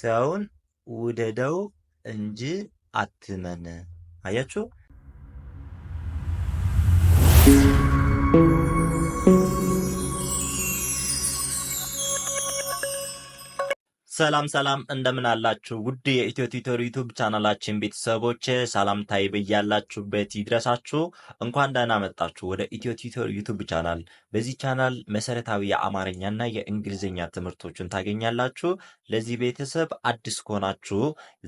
ሰውን ውደደው እንጂ አትመን። አያችሁ? ሰላም ሰላም እንደምን አላችሁ ውድ የኢትዮ ቲዩተር ዩቱብ ቻናላችን ቤተሰቦች ሰላምታዬ በያላችሁበት ይድረሳችሁ። እንኳን ደህና መጣችሁ ወደ ኢትዮ ቲዩተር ዩቱብ ቻናል። በዚህ ቻናል መሰረታዊ የአማርኛና የእንግሊዝኛ ትምህርቶችን ታገኛላችሁ። ለዚህ ቤተሰብ አዲስ ከሆናችሁ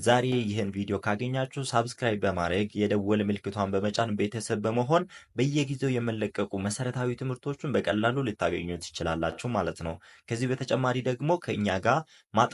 ዛሬ ይህን ቪዲዮ ካገኛችሁ ሳብስክራይብ በማድረግ የደወል ምልክቷን በመጫን ቤተሰብ በመሆን በየጊዜው የመለቀቁ መሰረታዊ ትምህርቶችን በቀላሉ ልታገኙ ትችላላችሁ ማለት ነው። ከዚህ በተጨማሪ ደግሞ ከእኛ ጋር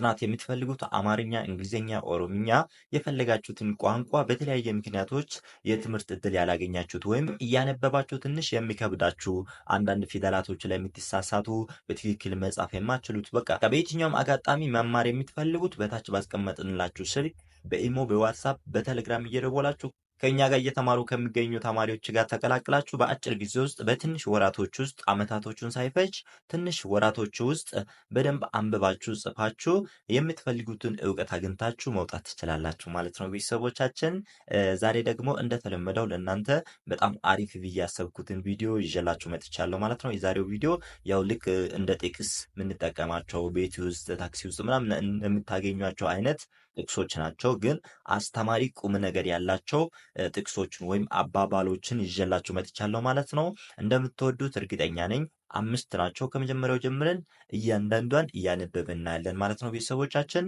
ማጥናት የምትፈልጉት አማርኛ፣ እንግሊዝኛ፣ ኦሮምኛ የፈለጋችሁትን ቋንቋ በተለያየ ምክንያቶች የትምህርት እድል ያላገኛችሁት ወይም እያነበባችሁ ትንሽ የሚከብዳችሁ አንዳንድ ፊደላቶች ላይ የምትሳሳቱ በትክክል መጻፍ የማችሉት በቃ በየትኛውም አጋጣሚ መማር የምትፈልጉት በታች ባስቀመጥንላችሁ ስልክ በኢሞ በዋትሳፕ በቴሌግራም እየደወላችሁ ከእኛ ጋር እየተማሩ ከሚገኙ ተማሪዎች ጋር ተቀላቅላችሁ በአጭር ጊዜ ውስጥ በትንሽ ወራቶች ውስጥ አመታቶቹን ሳይፈጅ ትንሽ ወራቶች ውስጥ በደንብ አንብባችሁ ጽፋችሁ የምትፈልጉትን እውቀት አግኝታችሁ መውጣት ትችላላችሁ ማለት ነው። ቤተሰቦቻችን ዛሬ ደግሞ እንደተለመደው ለእናንተ በጣም አሪፍ ብዬ ያሰብኩትን ቪዲዮ ይዤላችሁ መጥቻለሁ ማለት ነው። የዛሬው ቪዲዮ ያው ልክ እንደ ጥቅስ የምንጠቀማቸው ቤት ውስጥ ታክሲ ውስጥ ምናምን የምታገኟቸው አይነት ጥቅሶች ናቸው። ግን አስተማሪ ቁም ነገር ያላቸው ጥቅሶችን ወይም አባባሎችን ይዤላችሁ መጥቻለሁ ማለት ነው። እንደምትወዱት እርግጠኛ ነኝ። አምስት ናቸው። ከመጀመሪያው ጀምረን እያንዳንዷን እያነበብ እናያለን ማለት ነው። ቤተሰቦቻችን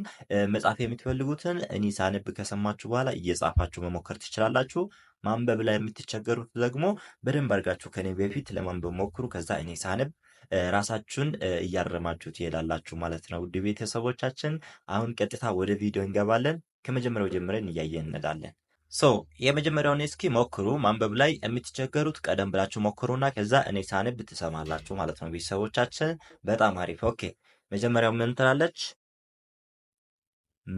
መጽሐፍ የምትፈልጉትን እኔ ሳነብ ከሰማችሁ በኋላ እየጻፋችሁ መሞከር ትችላላችሁ። ማንበብ ላይ የምትቸገሩት ደግሞ በደንብ አድርጋችሁ ከኔ በፊት ለማንበብ ሞክሩ። ከዛ እኔ ሳነብ ራሳችሁን እያረማችሁ ትሄዳላችሁ ማለት ነው። ውድ ቤተሰቦቻችን አሁን ቀጥታ ወደ ቪዲዮ እንገባለን። ከመጀመሪያው ጀምረን እያየን እንሄዳለን። ሶ የመጀመሪያውን እስኪ ሞክሩ። ማንበብ ላይ የምትቸገሩት ቀደም ብላችሁ ሞክሩና ከዛ እኔ ሳንብ ትሰማላችሁ ማለት ነው። ቤተሰቦቻችን በጣም አሪፍ። ኦኬ መጀመሪያው ምን ትላለች?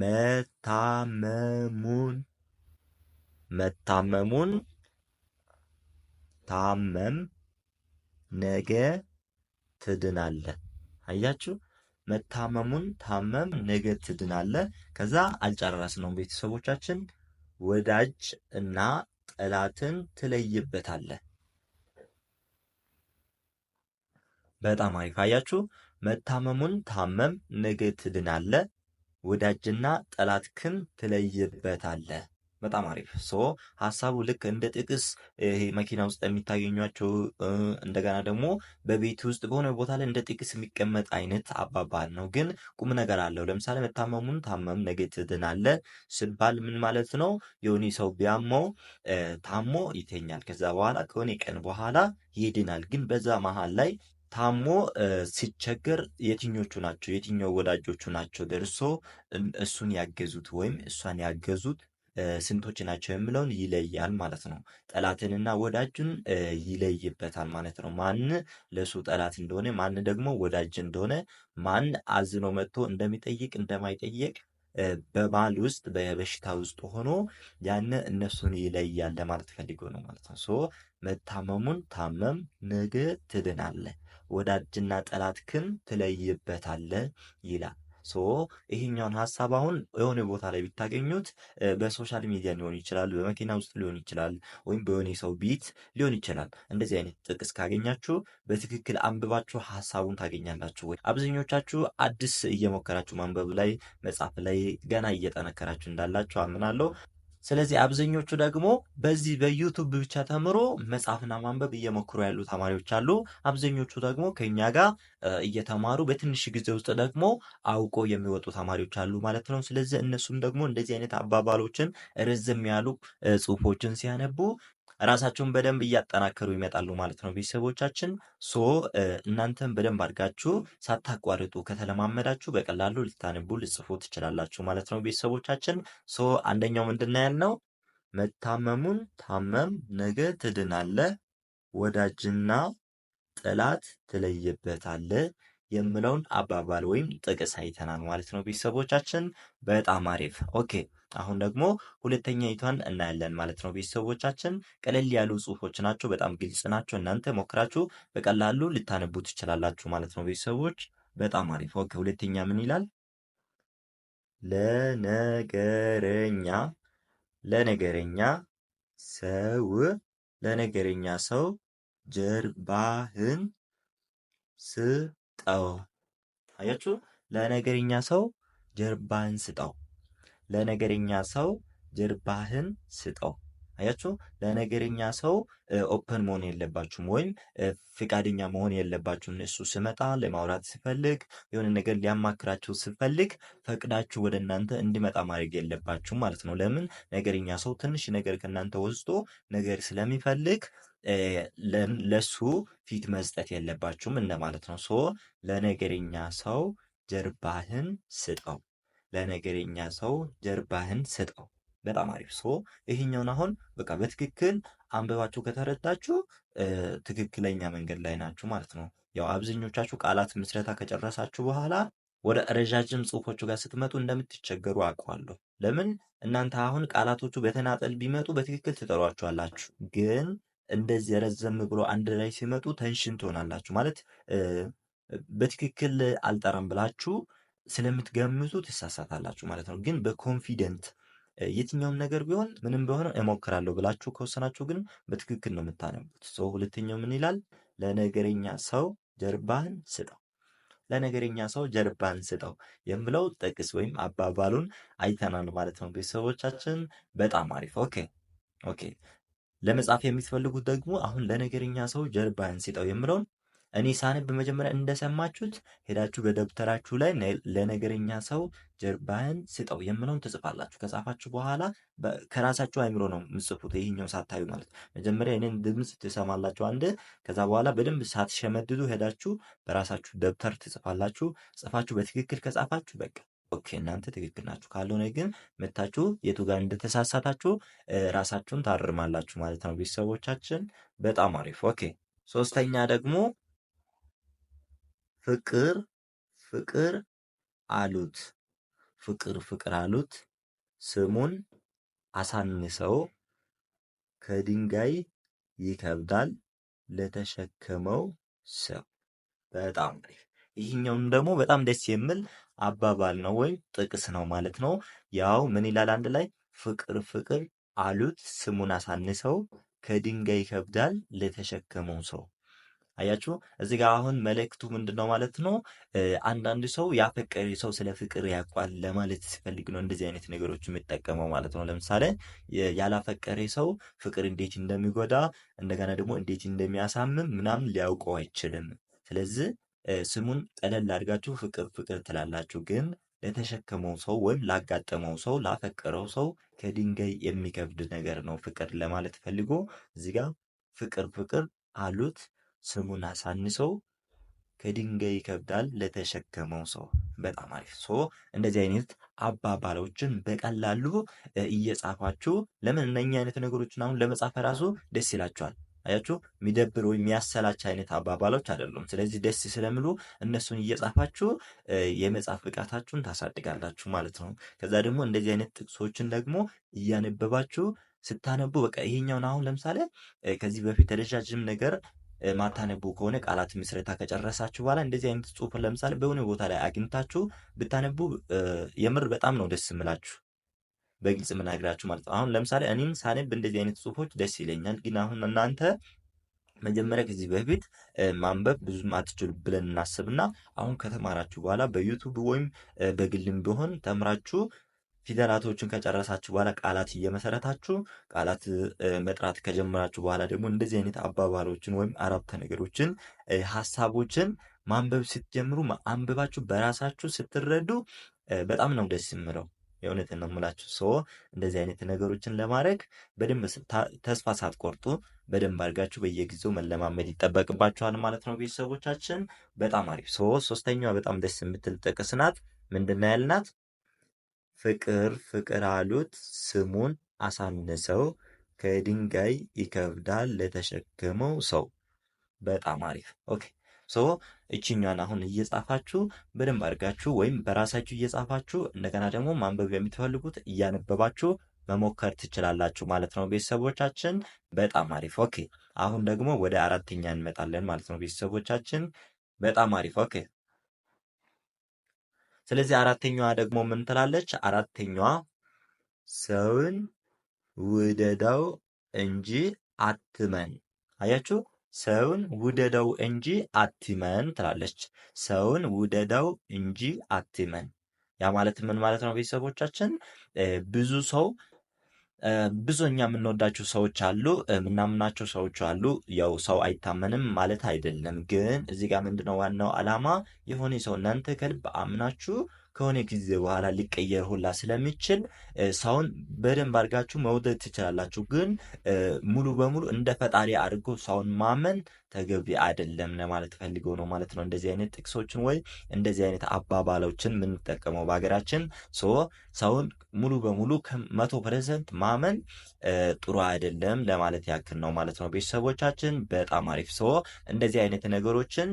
መታመሙን መታመሙን ታመም ነገ ትድናለህ። አያችሁ መታመሙን ታመም፣ ነገ ትድናለህ። ከዛ ነው ቤተሰቦቻችን ወዳጅ እና ጠላትን ትለይበታለህ። በጣም አሪፍ። አያችሁ መታመሙን ታመም፣ ነገ ትድናለህ። ወዳጅና ጠላትክን ትለይበታለህ። በጣም አሪፍ ሶ ሀሳቡ ልክ እንደ ጥቅስ ይሄ መኪና ውስጥ የሚታገኟቸው እንደገና ደግሞ በቤት ውስጥ በሆነ ቦታ ላይ እንደ ጥቅስ የሚቀመጥ አይነት አባባል ነው፣ ግን ቁም ነገር አለው። ለምሳሌ መታመሙን ታመም ነገ ትድናለህ ስባል ምን ማለት ነው? የሆነ ሰው ቢያመው ታሞ ይተኛል። ከዛ በኋላ ከሆነ ቀን በኋላ ይድናል። ግን በዛ መሀል ላይ ታሞ ሲቸገር የትኞቹ ናቸው የትኛው ወዳጆቹ ናቸው ደርሶ እሱን ያገዙት ወይም እሷን ያገዙት ስንቶች ናቸው የሚለውን ይለያል ማለት ነው። ጠላትንና ወዳጁን ይለይበታል ማለት ነው። ማን ለሱ ጠላት እንደሆነ፣ ማን ደግሞ ወዳጅ እንደሆነ፣ ማን አዝኖ መጥቶ እንደሚጠይቅ እንደማይጠይቅ በባል ውስጥ በበሽታ ውስጥ ሆኖ ያን እነሱን ይለያል ለማለት ፈልጎ ነው ማለት ነው። ሶ መታመሙን ታመም፣ ነገ ትድናለ፣ ወዳጅና ጠላትክን ትለይበታለ ይላል። ሶ ይሄኛውን ሀሳብ አሁን የሆነ ቦታ ላይ ብታገኙት በሶሻል ሚዲያ ሊሆን ይችላል፣ በመኪና ውስጥ ሊሆን ይችላል፣ ወይም በሆነ ሰው ቤት ሊሆን ይችላል። እንደዚህ አይነት ጥቅስ ካገኛችሁ በትክክል አንብባችሁ ሀሳቡን ታገኛላችሁ። ወይ አብዛኞቻችሁ አዲስ እየሞከራችሁ ማንበብ ላይ መጻፍ ላይ ገና እየጠነከራችሁ እንዳላችሁ አምናለሁ። ስለዚህ አብዛኞቹ ደግሞ በዚህ በዩቱብ ብቻ ተምሮ መጽሐፍና ማንበብ እየሞክሩ ያሉ ተማሪዎች አሉ። አብዛኞቹ ደግሞ ከኛ ጋር እየተማሩ በትንሽ ጊዜ ውስጥ ደግሞ አውቆ የሚወጡ ተማሪዎች አሉ ማለት ነው። ስለዚህ እነሱም ደግሞ እንደዚህ አይነት አባባሎችን፣ ርዝም ያሉ ጽሁፎችን ሲያነቡ ራሳቸውን በደንብ እያጠናከሩ ይመጣሉ ማለት ነው። ቤተሰቦቻችን ሶ እናንተም በደንብ አድርጋችሁ ሳታቋርጡ ከተለማመዳችሁ በቀላሉ ልታንቡ ልጽፉ ትችላላችሁ ማለት ነው። ቤተሰቦቻችን ሶ አንደኛው ምንድን ነው ያልነው? መታመሙን ታመም፣ ነገ ትድናለህ፣ ወዳጅና ጠላት ትለይበታለህ የምለውን አባባል ወይም ጥቅስ አይተናል ማለት ነው። ቤተሰቦቻችን በጣም አሪፍ ኦኬ። አሁን ደግሞ ሁለተኛ ይቷን እናያለን ማለት ነው። ቤተሰቦቻችን ቀለል ያሉ ጽሁፎች ናቸው፣ በጣም ግልጽ ናቸው። እናንተ ሞክራችሁ በቀላሉ ልታነቡ ትችላላችሁ ማለት ነው። ቤተሰቦች በጣም አሪፍ ኦኬ። ሁለተኛ ምን ይላል? ለነገረኛ ለነገረኛ ሰው ለነገረኛ ሰው ጀርባህን ስጠው። አያችሁ፣ ለነገረኛ ሰው ጀርባህን ስጠው። ለነገረኛ ሰው ጀርባህን ስጠው። አያችሁ፣ ለነገረኛ ሰው ኦፕን መሆን የለባችሁም ወይም ፍቃደኛ መሆን የለባችሁም። እሱ ስመጣ ለማውራት ስፈልግ፣ የሆነ ነገር ሊያማክራችሁ ስፈልግ ፈቅዳችሁ ወደ እናንተ እንዲመጣ ማድረግ የለባችሁም ማለት ነው። ለምን ነገረኛ ሰው ትንሽ ነገር ከእናንተ ወስዶ ነገር ስለሚፈልግ ለሱ ፊት መስጠት የለባችሁም እንደማለት ነው። ሶ ለነገረኛ ሰው ጀርባህን ስጠው። ለነገረኛ ሰው ጀርባህን ስጠው። በጣም አሪፍ ሶ ይህኛውን አሁን በቃ በትክክል አንብባችሁ ከተረዳችሁ ትክክለኛ መንገድ ላይ ናችሁ ማለት ነው። ያው አብዛኞቻችሁ ቃላት ምስረታ ከጨረሳችሁ በኋላ ወደ ረዣዥም ጽሁፎቹ ጋር ስትመጡ እንደምትቸገሩ አውቀዋለሁ። ለምን እናንተ አሁን ቃላቶቹ በተናጠል ቢመጡ በትክክል ትጠሯቸዋላችሁ፣ ግን እንደዚህ ረዘም ብሎ አንድ ላይ ሲመጡ ተንሽን ትሆናላችሁ ማለት በትክክል አልጠረም ብላችሁ ስለምትገምቱ ትሳሳታላችሁ ማለት ነው። ግን በኮንፊደንት የትኛውም ነገር ቢሆን ምንም ቢሆን እሞክራለሁ ብላችሁ ከወሰናችሁ ግን በትክክል ነው የምታነቡት። ሰው ሁለተኛው ምን ይላል? ለነገረኛ ሰው ጀርባህን ስጠው ለነገረኛ ሰው ጀርባን ስጠው የምለው ጥቅስ ወይም አባባሉን አይተናል ማለት ነው። ቤተሰቦቻችን በጣም አሪፍ። ኦኬ ኦኬ። ለመጻፍ የምትፈልጉት ደግሞ አሁን ለነገረኛ ሰው ጀርባህን ስጠው የምለውን እኔ ሳንብ በመጀመሪያ እንደሰማችሁት ሄዳችሁ በደብተራችሁ ላይ ለነገረኛ ሰው ጀርባህን ስጠው የምለውን ትጽፋላችሁ። ከጻፋችሁ በኋላ ከራሳችሁ አይምሮ ነው የምጽፉት፣ ይህኛው ሳታዩ ማለት መጀመሪያ ይህንን ድምፅ ትሰማላችሁ አንድ። ከዛ በኋላ በደንብ ሳትሸመድዱ ሄዳችሁ በራሳችሁ ደብተር ትጽፋላችሁ። ጽፋችሁ በትክክል ከጻፋችሁ በቃ ኦኬ እናንተ ትክክል ናችሁ። ካልሆነ ግን መታችሁ የቱ ጋር እንደተሳሳታችሁ ራሳችሁን ታርማላችሁ ማለት ነው። ቤተሰቦቻችን በጣም አሪፍ ኦኬ። ሶስተኛ ደግሞ ፍቅር ፍቅር አሉት ፍቅር ፍቅር አሉት ስሙን አሳንሰው ከድንጋይ ይከብዳል ለተሸከመው ሰው። በጣም ይህኛውም ደግሞ በጣም ደስ የሚል አባባል ነው ወይም ጥቅስ ነው ማለት ነው። ያው ምን ይላል አንድ ላይ ፍቅር ፍቅር አሉት ስሙን አሳንሰው ከድንጋይ ይከብዳል ለተሸከመው ሰው አያችሁ እዚህ ጋር አሁን መልእክቱ ምንድን ነው ማለት ነው? አንዳንድ ሰው ያፈቀረ ሰው ስለ ፍቅር ያውቋል ለማለት ሲፈልግ ነው እንደዚህ አይነት ነገሮች የሚጠቀመው ማለት ነው። ለምሳሌ ያላፈቀረ ሰው ፍቅር እንዴት እንደሚጎዳ እንደገና ደግሞ እንዴት እንደሚያሳምም ምናምን ሊያውቀው አይችልም። ስለዚህ ስሙን ቀለል አድርጋችሁ ፍቅር ፍቅር ትላላችሁ ግን ለተሸከመው ሰው ወይም ላጋጠመው ሰው ላፈቀረው ሰው ከድንጋይ የሚከብድ ነገር ነው ፍቅር ለማለት ፈልጎ እዚህ ጋር ፍቅር ፍቅር አሉት። ስሙን አሳንሶ ከድንጋይ ይከብዳል ለተሸከመው ሰው። በጣም አሪፍ ሶ እንደዚህ አይነት አባባሎችን በቀላሉ እየጻፋችሁ ለምን እነኛ አይነት ነገሮችን አሁን ለመጻፍ ራሱ ደስ ይላችኋል። አያችሁ የሚደብር ወይም የሚያሰላች አይነት አባባሎች አይደሉም። ስለዚህ ደስ ስለሚሉ እነሱን እየጻፋችሁ የመጻፍ ብቃታችሁን ታሳድጋላችሁ ማለት ነው። ከዛ ደግሞ እንደዚህ አይነት ጥቅሶችን ደግሞ እያነበባችሁ ስታነቡ በቃ ይሄኛውን አሁን ለምሳሌ ከዚህ በፊት ረዣዥም ነገር ማታነቡ ከሆነ ቃላት ምስረታ ከጨረሳችሁ በኋላ እንደዚህ አይነት ጽሁፍን ለምሳሌ በሆነ ቦታ ላይ አግኝታችሁ ብታነቡ የምር በጣም ነው ደስ የምላችሁ። በግልጽ የምናግራችሁ ማለት ነው። አሁን ለምሳሌ እኔም ሳነብ እንደዚህ አይነት ጽሁፎች ደስ ይለኛል። ግን አሁን እናንተ መጀመሪያ ከዚህ በፊት ማንበብ ብዙም አትችሉ ብለን እናስብና አሁን ከተማራችሁ በኋላ በዩቱብ ወይም በግልም ቢሆን ተምራችሁ ፊደላቶችን ከጨረሳችሁ በኋላ ቃላት እየመሰረታችሁ ቃላት መጥራት ከጀመራችሁ በኋላ ደግሞ እንደዚህ አይነት አባባሎችን ወይም አረፍተ ነገሮችን ሀሳቦችን ማንበብ ስትጀምሩ አንብባችሁ በራሳችሁ ስትረዱ በጣም ነው ደስ የምለው። የእውነት ነው የምላችሁ። ሰው እንደዚህ አይነት ነገሮችን ለማድረግ በደንብ ተስፋ ሳትቆርጡ በደንብ አድርጋችሁ በየጊዜው መለማመድ ይጠበቅባችኋል ማለት ነው። ቤተሰቦቻችን በጣም አሪፍ። ሶ ሶስተኛዋ በጣም ደስ የምትል ጥቅስ ናት። ምንድን ነው ያልናት? ፍቅር ፍቅር አሉት ስሙን አሳንሰው ከድንጋይ ይከብዳል ለተሸከመው ሰው። በጣም አሪፍ ኦኬ። ሶ እችኛን አሁን እየጻፋችሁ በደንብ አድርጋችሁ ወይም በራሳችሁ እየጻፋችሁ እንደገና ደግሞ ማንበብ የምትፈልጉት እያነበባችሁ መሞከር ትችላላችሁ ማለት ነው ቤተሰቦቻችን። በጣም አሪፍ ኦኬ። አሁን ደግሞ ወደ አራተኛ እንመጣለን ማለት ነው ቤተሰቦቻችን። በጣም አሪፍ ኦኬ። ስለዚህ አራተኛዋ ደግሞ ምን ትላለች? አራተኛዋ ሰውን ውደዳው እንጂ አትመን። አያችሁ፣ ሰውን ውደዳው እንጂ አትመን ትላለች። ሰውን ውደዳው እንጂ አትመን። ያ ማለት ምን ማለት ነው? ቤተሰቦቻችን ብዙ ሰው ብዙ እኛ የምንወዳቸው ሰዎች አሉ፣ የምናምናቸው ሰዎች አሉ። ያው ሰው አይታመንም ማለት አይደለም፣ ግን እዚህ ጋር ምንድነው ዋናው አላማ የሆነ ሰው እናንተ ከልብ አምናችሁ ከሆነ ጊዜ በኋላ ሊቀየር ሁላ ስለሚችል ሰውን በደንብ አድርጋችሁ መውደድ ትችላላችሁ። ግን ሙሉ በሙሉ እንደ ፈጣሪ አድርጎ ሰውን ማመን ተገቢ አይደለም ለማለት ፈልገው ነው ማለት ነው። እንደዚህ አይነት ጥቅሶችን ወይ እንደዚህ አይነት አባባሎችን የምንጠቀመው በሀገራችን ሶ ሰውን ሙሉ በሙሉ መቶ ፐርሰንት ማመን ጥሩ አይደለም ለማለት ያክል ነው ማለት ነው። ቤተሰቦቻችን በጣም አሪፍ ሰ እንደዚህ አይነት ነገሮችን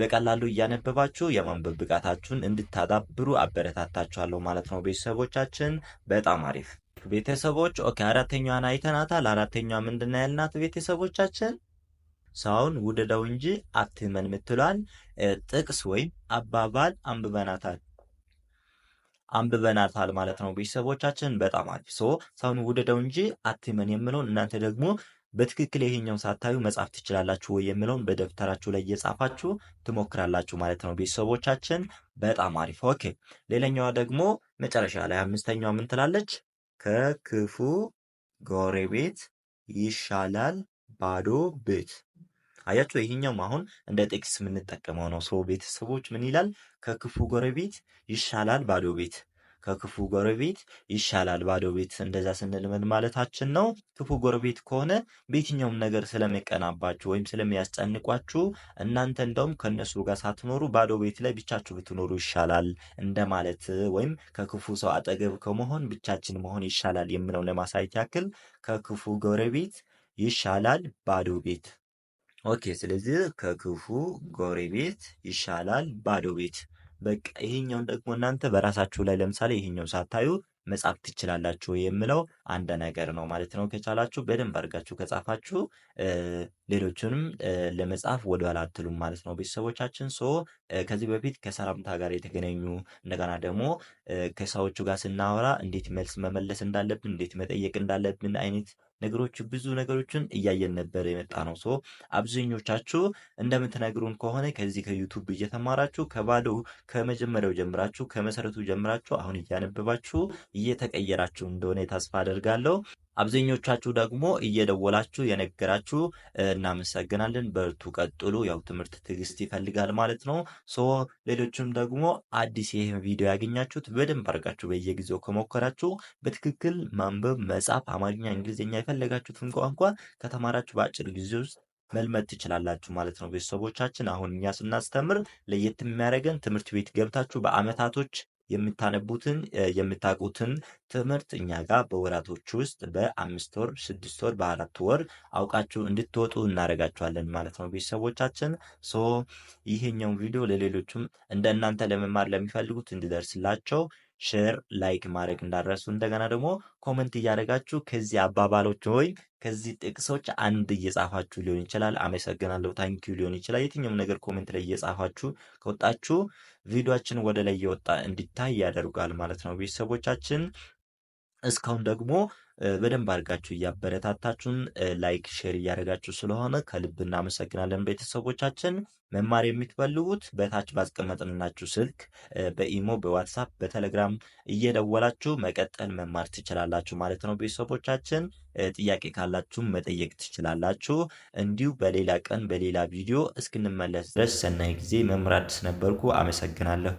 በቀላሉ እያነበባችሁ የማንበብ ብቃታችሁን እንድታዳብሩ አበረታታችኋለሁ ማለት ነው። ቤተሰቦቻችን በጣም አሪፍ ቤተሰቦች። ኦኬ አራተኛዋን አይተናታል። አራተኛዋ ምንድን ነው ያልናት ቤተሰቦቻችን? ሰውን ውደደው እንጂ አትመን የምትሏን ጥቅስ ወይም አባባል አንብበናታል አንብበናታል ማለት ነው። ቤተሰቦቻችን በጣም አሪፍ። ሶ ሰውን ውደደው እንጂ አትመን የምለውን እናንተ ደግሞ በትክክል ይሄኛው ሳታዩ መጻፍ ትችላላችሁ ወይ የምለውን በደብተራችሁ ላይ እየጻፋችሁ ትሞክራላችሁ ማለት ነው። ቤተሰቦቻችን በጣም አሪፍ። ኦኬ። ሌላኛዋ ደግሞ መጨረሻ ላይ አምስተኛዋ ምን ትላለች? ከክፉ ጎረቤት ይሻላል ባዶ ቤት አያችሁ፣ ይሄኛውም አሁን እንደ ጥቅስ የምንጠቀመው ነው። ሰው ቤተሰቦች ምን ይላል? ከክፉ ጎረቤት ይሻላል ባዶ ቤት ከክፉ ጎረቤት ይሻላል ባዶ ቤት። እንደዛ ስንል ምን ማለታችን ነው? ክፉ ጎረቤት ከሆነ በየትኛውም ነገር ስለሚቀናባችሁ ወይም ስለሚያስጨንቋችሁ እናንተ እንደውም ከእነሱ ጋር ሳትኖሩ ባዶ ቤት ላይ ብቻችሁ ብትኖሩ ይሻላል እንደማለት ወይም ከክፉ ሰው አጠገብ ከመሆን ብቻችን መሆን ይሻላል የምለው ለማሳየት ያክል ከክፉ ጎረቤት ይሻላል ባዶ ቤት ኦኬ ስለዚህ ከክፉ ጎረቤት ይሻላል ባዶ ቤት። በቃ ይሄኛውን ደግሞ እናንተ በራሳችሁ ላይ ለምሳሌ ይሄኛው ሳታዩ መጻፍ ትችላላችሁ የምለው አንድ ነገር ነው ማለት ነው። ከቻላችሁ በደንብ አድርጋችሁ ከጻፋችሁ ሌሎችንም ለመጻፍ ወደኋላ አትሉም ማለት ነው። ቤተሰቦቻችን ሶ ከዚህ በፊት ከሰላምታ ጋር የተገናኙ እንደገና ደግሞ ከሰዎቹ ጋር ስናወራ እንዴት መልስ መመለስ እንዳለብን እንዴት መጠየቅ እንዳለብን አይነት ነገሮች ብዙ ነገሮችን እያየን ነበር የመጣ ነው። ሶ አብዛኞቻችሁ እንደምትነግሩን ከሆነ ከዚህ ከዩቱብ እየተማራችሁ ከባዶ ከመጀመሪያው ጀምራችሁ ከመሰረቱ ጀምራችሁ አሁን እያነበባችሁ እየተቀየራችሁ እንደሆነ ተስፋ አደርጋለሁ። አብዛኞቻችሁ ደግሞ እየደወላችሁ የነገራችሁ እናመሰግናለን። በርቱ፣ ቀጥሉ። ያው ትምህርት ትዕግስት ይፈልጋል ማለት ነው። ሶ ሌሎችም ደግሞ አዲስ ይህ ቪዲዮ ያገኛችሁት በደንብ አድርጋችሁ በየጊዜው ከሞከራችሁ በትክክል ማንበብ፣ መጻፍ፣ አማርኛ፣ እንግሊዝኛ የፈለጋችሁትን ቋንቋ ከተማራችሁ በአጭር ጊዜ ውስጥ መልመድ ትችላላችሁ ማለት ነው። ቤተሰቦቻችን አሁን እኛ ስናስተምር ለየት የሚያደርገን ትምህርት ቤት ገብታችሁ በአመታቶች የምታነቡትን የምታውቁትን ትምህርት እኛ ጋር በወራቶች ውስጥ በአምስት ወር፣ ስድስት ወር፣ በአራት ወር አውቃችሁ እንድትወጡ እናደርጋችኋለን ማለት ነው ቤተሰቦቻችን። ሶ ይሄኛው ቪዲዮ ለሌሎቹም እንደ እናንተ ለመማር ለሚፈልጉት እንዲደርስላቸው ሼር ላይክ ማድረግ እንዳረሱ እንደገና ደግሞ ኮመንት እያደረጋችሁ ከዚህ አባባሎች ወይም ከዚህ ጥቅሶች አንድ እየጻፋችሁ ሊሆን ይችላል። አመሰግናለሁ፣ ታንኪዩ ሊሆን ይችላል። የትኛውም ነገር ኮሜንት ላይ እየጻፋችሁ ከወጣችሁ ቪዲዮችን ወደ ላይ እየወጣ እንዲታይ ያደርጋል ማለት ነው ቤተሰቦቻችን። እስካሁን ደግሞ በደንብ አድርጋችሁ እያበረታታችሁን ላይክ ሼር እያደረጋችሁ ስለሆነ ከልብ እናመሰግናለን። ቤተሰቦቻችን መማር የሚትፈልጉት በታች ባስቀመጥንላችሁ ስልክ በኢሞ፣ በዋትሳፕ፣ በቴሌግራም እየደወላችሁ መቀጠል መማር ትችላላችሁ ማለት ነው። ቤተሰቦቻችን ጥያቄ ካላችሁ መጠየቅ ትችላላችሁ። እንዲሁ በሌላ ቀን በሌላ ቪዲዮ እስክንመለስ ድረስ ሰናይ ጊዜ። መምህር አዲስ ነበርኩ። አመሰግናለሁ።